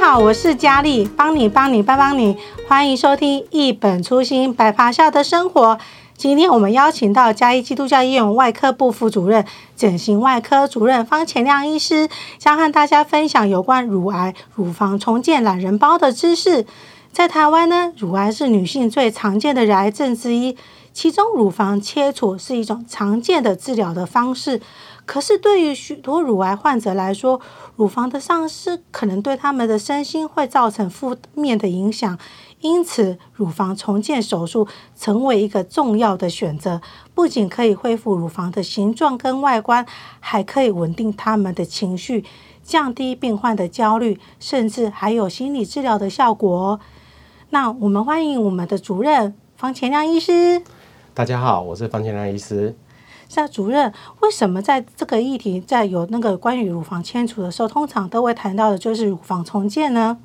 大家好，我是佳麗，幫你，幫你，幫你幫你。歡迎收聽《一本初心白袍下的生活》。今天我們邀請到嘉義基督教醫院外科部副主任、整形外科主任方前量醫師，將和大家分享有關乳癌、乳房重建懶人包的知識。在台灣呢，乳癌是女性最常見的癌症之一，其中乳房切除是一種常見的治療的方式。可是，對於許多乳癌患者來說，乳房的喪失可能對他們的身心會造成負面的影響，因此，乳房重建手術成為一個重要的選擇。不僅可以恢復乳房的形狀跟外觀，還可以穩定他們的情緒，降低病患的焦慮，甚至還有心理治療的效果。那我們歡迎我們的主任方前量醫師。大家好，我是方前量醫師。那主任，為什麼在這個議題在有那個關於乳房切除的時候，通常都會談到的就是乳房重建呢？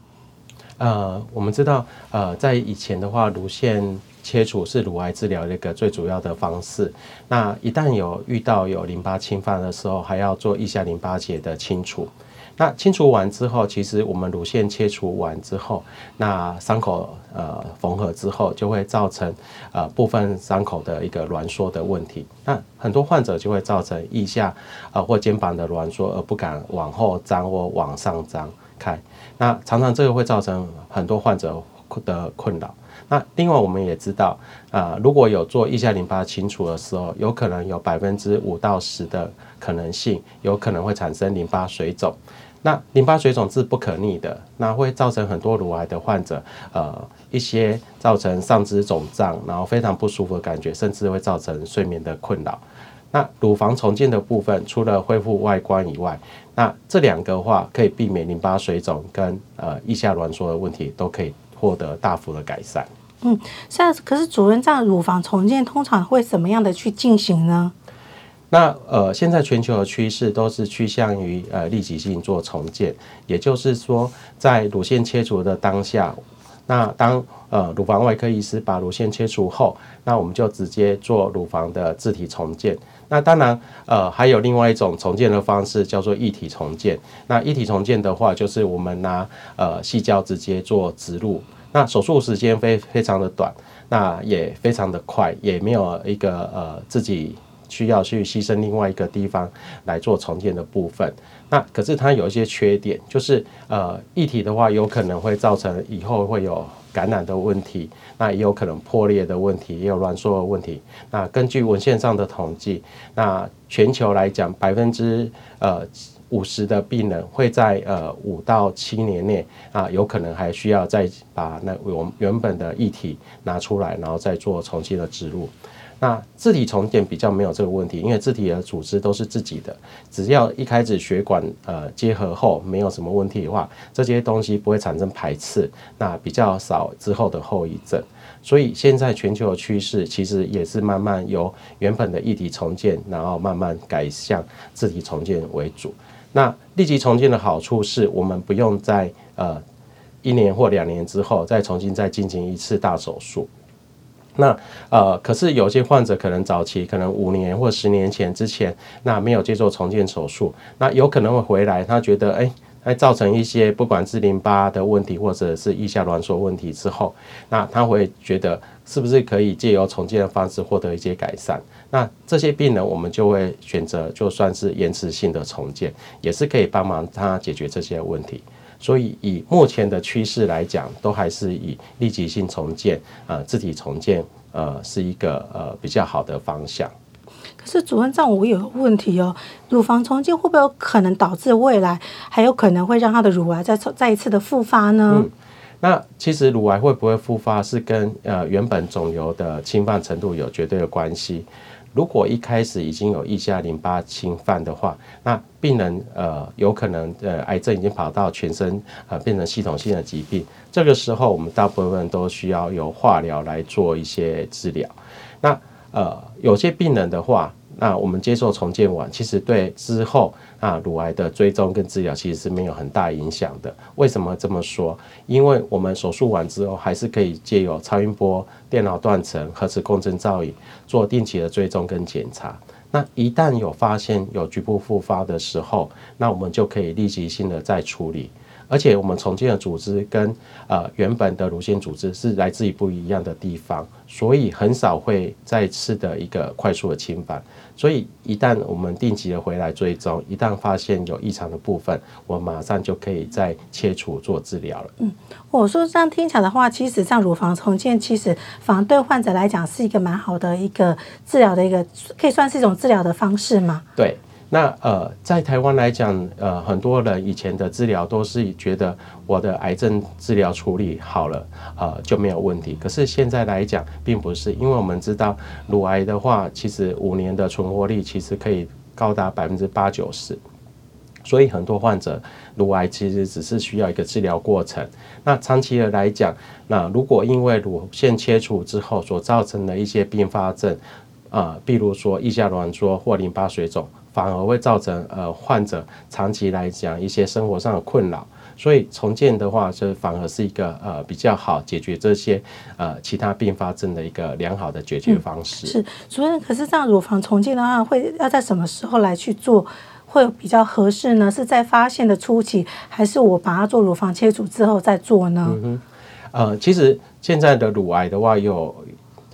呃，我們知道，呃，在以前的話，乳腺切除是乳癌治療的一個最主要的方式。那一旦有遇到有淋巴侵犯的時候，還要做腋下淋巴結的清除。那清除完之後，其實我們乳腺切除完之後，那傷口呃縫合之後，就會造成呃部分傷口的一個攣縮的問題。那很多患者就會造成腋下呃或肩膀的攣縮，而不敢往後張或往上張開。那常常這個會造成很多患者的困擾。那另外我們也知道，啊、呃，如果有做腋下淋巴清除的時候，有可能有百分之五到十的可能性，有可能會產生淋巴水腫。那淋巴水腫是不可逆的，那會造成很多乳癌的患者，呃，一些造成上肢腫脹，然後非常不舒服的感覺，甚至會造成睡眠的困擾。那乳房重建的部分，除了恢復外觀以外，那這兩個話可以避免淋巴水腫跟呃腋下攣縮的問題，都可以獲得大幅的改善。嗯，像可是主任這樣，乳房重建通常會怎麼樣的去進行呢？那呃，現在全球的趨勢都是趨向於呃立即性做重建，也就是說，在乳腺切除的當下，那當呃乳房外科醫師把乳腺切除後，那我們就直接做乳房的自體重建。那當然，呃，還有另外一種重建的方式叫做異體重建。那異體重建的話，就是我們拿呃矽膠直接做植入。那手術時間非非常的短，那也非常的快，也沒有一個呃自己需要去犧牲另外一個地方來做重建的部分。那可是它有一些缺點，就是呃義乳的話有可能會造成以後會有感染的問題，那也有可能破裂的問題，也有攣縮的問題。那根據文獻上的統計，那全球來講百分之呃。五十的病人會在呃五到七年內啊，有可能還需要再把那我們原本的異體拿出來，然後再做重新的植入。那自體重建比較沒有這個問題，因為自體的組織都是自己的，只要一開始血管呃結合後沒有什麼問題的話，這些東西不會產生排斥，那比較少之後的後遺症。所以現在全球的趨勢其實也是慢慢由原本的異體重建，然後慢慢改向自體重建為主。那立即重建的好處是我們不用在呃一年或兩年之後再重新再進行一次大手術。那呃，可是有些患者可能早期可能五年或十年前之前那沒有接受重建手術，那有可能會回來，他覺得哎。欸那造成一些不管是淋巴的問題，或者是腋下攣縮問題之後，那他會覺得是不是可以借由重建的方式獲得一些改善？那這些病人我們就會選擇就算是延遲性的重建，也是可以幫忙他解決這些問題。所以以目前的趨勢來講，都還是以立即性重建啊、呃，自體重建呃是一個呃比較好的方向。可是主任，這樣我有個問題哦，乳房重建會不會有可能導致未來還有可能會讓他的乳癌再再一次的復發呢？嗯？那其實乳癌會不會復發是跟呃原本腫瘤的侵犯程度有絕對的關係。如果一開始已經有腋下淋巴侵犯的話，那病人呃有可能呃癌症已經跑到全身啊、呃、變成系統性的疾病，這個時候我們大部分都需要有化療來做一些治療。那呃，有些病人的話，那我們接受重建完，其實對之後啊乳癌的追蹤跟治療其實是沒有很大影響的。為什麼這麼說？因為我們手術完之後，還是可以借由超音波、電腦斷層、核磁共振造影做定期的追蹤跟檢查。那一旦有發現有局部復發的時候，那我們就可以立即性的再處理。而且我們重建的組織跟呃原本的乳腺組織是來自於不一樣的地方，所以很少會再次的一個快速的侵犯。所以一旦我們定期的回來追蹤，一旦發現有異常的部分，我馬上就可以再切除做治療了。嗯，我說這樣聽起來的話，其實像乳房重建，其實反而對患者來講是一個蠻好的一個治療的一個，可以算是一種治療的方式嗎？對。那呃，在台灣來講，呃，很多人以前的治療都是覺得我的癌症治療處理好了，呃，就沒有問題。可是現在來講，並不是，因為我們知道，乳癌的話，其實五年的存活率其實可以高達百分之八九十。所以很多患者，乳癌其實只是需要一個治療過程。那長期的來講，那如果因為乳腺切除之後所造成的一些併發症，啊、呃，比如說腋下攣縮或淋巴水腫。反而會造成呃患者長期來講一些生活上的困擾，所以重建的話，就反而是一個呃比較好解決這些呃其他併發症的一個良好的解決方式。嗯、是主任，可是這樣乳房重建的話，會要在什麼時候來去做，會比較合適呢？是在發現的初期，還是我把它做乳房切除之後再做呢？嗯哼，呃，其實現在的乳癌的話有，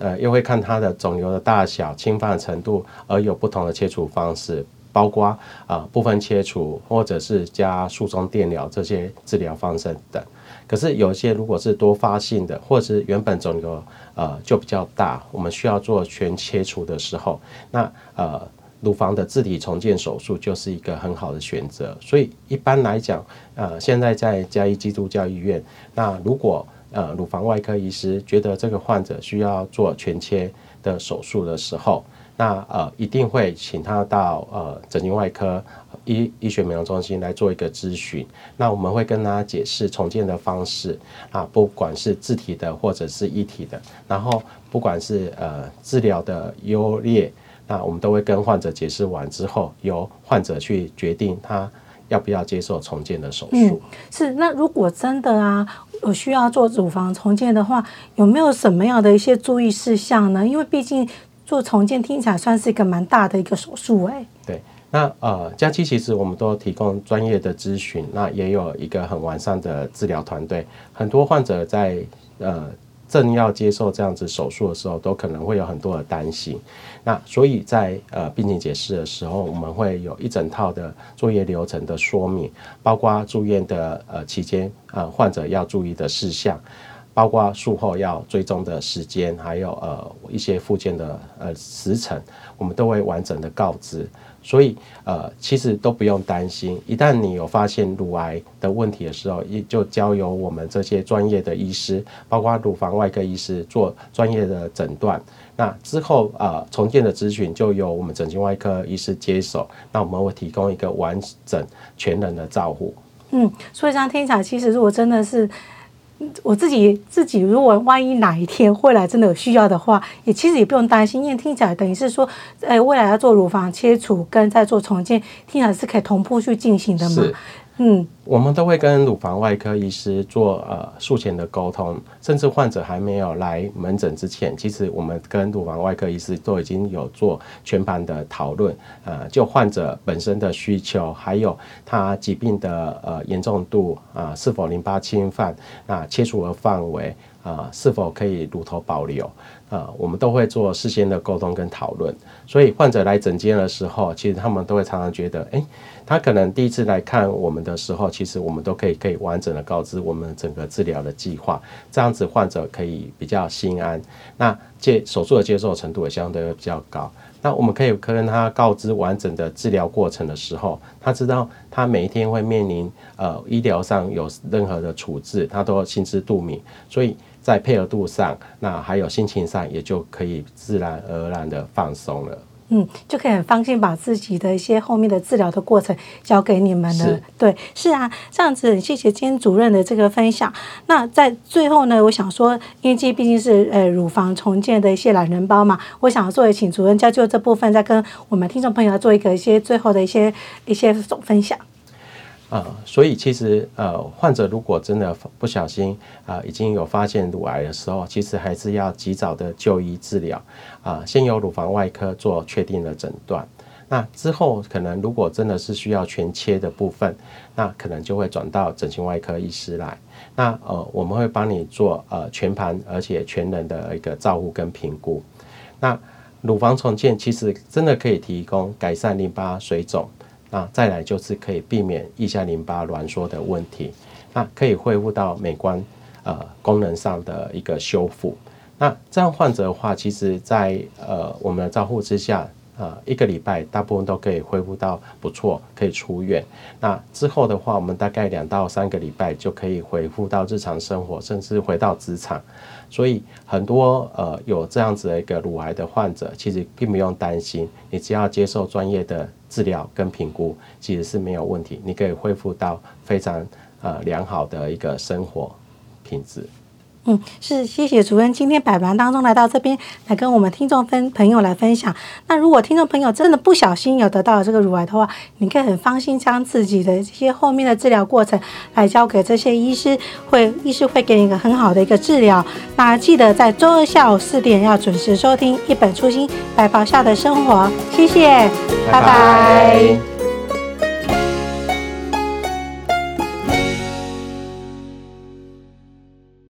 呃，又會看它的腫瘤的大小、侵犯程度，而有不同的切除方式，包括啊、呃、部分切除，或者是加術中電療這些治療方式等。可是有一些如果是多發性的，或者是原本腫瘤呃就比較大，我們需要做全切除的時候，那呃乳房的自體重建手術就是一個很好的選擇。所以一般來講，呃，現在在嘉義基督教醫院，那如果。呃，乳房外科醫師覺得這個患者需要做全切的手術的時候，那呃一定會請他到呃整形外科醫醫學美容中心來做一個諮詢。那我們會跟大家解釋重建的方式啊，不管是自體的或者是一體的，然後不管是呃治療的優劣，那我們都會跟患者解釋完之後，由患者去決定他。要不要接受重建的手術？嗯，是。那如果真的啊，有需要做乳房重建的話，有沒有什麼樣的一些注意事項呢？因為畢竟做重建聽起來算是一個蠻大的一個手術誒、欸，對，那呃，嘉基其實我們都提供專業的諮詢，那也有一個很完善的治療團隊，很多患者在呃。正要接受這樣子手術的時候，都可能會有很多的擔心。那所以在呃病情解釋的時候，我們會有一整套的作業流程的說明，包括住院的呃期間，呃患者要注意的事項。包括術後要追蹤的時間，還有呃一些復健的呃時程，我們都會完整的告知，所以呃其實都不用擔心。一旦你有發現乳癌的問題的時候，也就交由我們這些專業的醫師，包括乳房外科醫師做專業的診斷。那之後呃重建的諮詢，就由我們整形外科醫師接手。那我們會提供一個完整全人的照護。嗯，所以這樣聽起來，其實如果真的是。我自己自己，如果萬一哪一天未來真的有需要的話，也其實也不用擔心，因為聽起來等於是說，呃、哎，未來要做乳房切除跟再做重建，聽起來是可以同步去進行的嘛，是嗯。我們都會跟乳房外科醫師做呃術前的溝通，甚至患者還沒有來門診之前，其實我們跟乳房外科醫師都已經有做全盤的討論，呃，就患者本身的需求，還有他疾病的呃嚴重度啊、呃，是否淋巴侵犯，那切除的範圍啊，是否可以乳頭保留，啊、呃，我們都會做事先的溝通跟討論。所以患者來診間的時候，其實他們都會常常覺得，哎、欸，他可能第一次來看我們的時候。其實我們都可以可以完整的告知我們整個治療的計劃，這樣子患者可以比較心安，那接手術的接受程度也相對會比較高。那我們可以跟他告知完整的治療過程的時候，他知道他每一天會面臨呃醫療上有任何的處置，他都心知肚明，所以在配合度上，那還有心情上也就可以自然而然的放鬆了。嗯，就可以很放心把自己的一些後面的治療的過程交給你們了。是對，是啊，這樣子，謝謝金主任的這個分享。那在最後呢，我想說，因為這畢竟是呃乳房重建的一些懶人包嘛，我想作為請主任教就這部分，再跟我們聽眾朋友做一個一些最後的一些一些總分享。啊、呃，所以其實呃，患者如果真的不小心啊、呃，已經有發現乳癌的時候，其實還是要及早的就醫治療啊、呃。先由乳房外科做確定的診斷，那之後可能如果真的是需要全切的部分，那可能就會轉到整形外科醫師來。那呃，我們會幫你做呃全盤而且全人的一個照顧跟評估。那乳房重建其實真的可以提供改善淋巴水腫。那再來就是可以避免腋下淋巴攣縮的問題，那可以恢復到美觀，呃，功能上的一個修復。那這樣患者的話，其實在呃我們的照護之下，呃，一個禮拜大部分都可以恢復到不錯，可以出院。那之後的話，我們大概兩到三個禮拜就可以恢復到日常生活，甚至回到職場。所以很多呃有這樣子的一個乳癌的患者，其實並不用擔心，你只要接受專業的。治療跟評估其實是沒有問題，你可以恢復到非常呃良好的一個生活品質。嗯，是，謝謝主任，今天百忙當中來到這邊來跟我們聽眾分朋友來分享。那如果聽眾朋友真的不小心有得到這個乳癌的話，你可以很放心將自己的這些後面的治療過程來交給這些醫師，會醫師會給你一個很好的一個治療。那記得在週二下午四點要準時收聽《一本初心》，白袍下的生活。謝謝，拜拜。拜拜。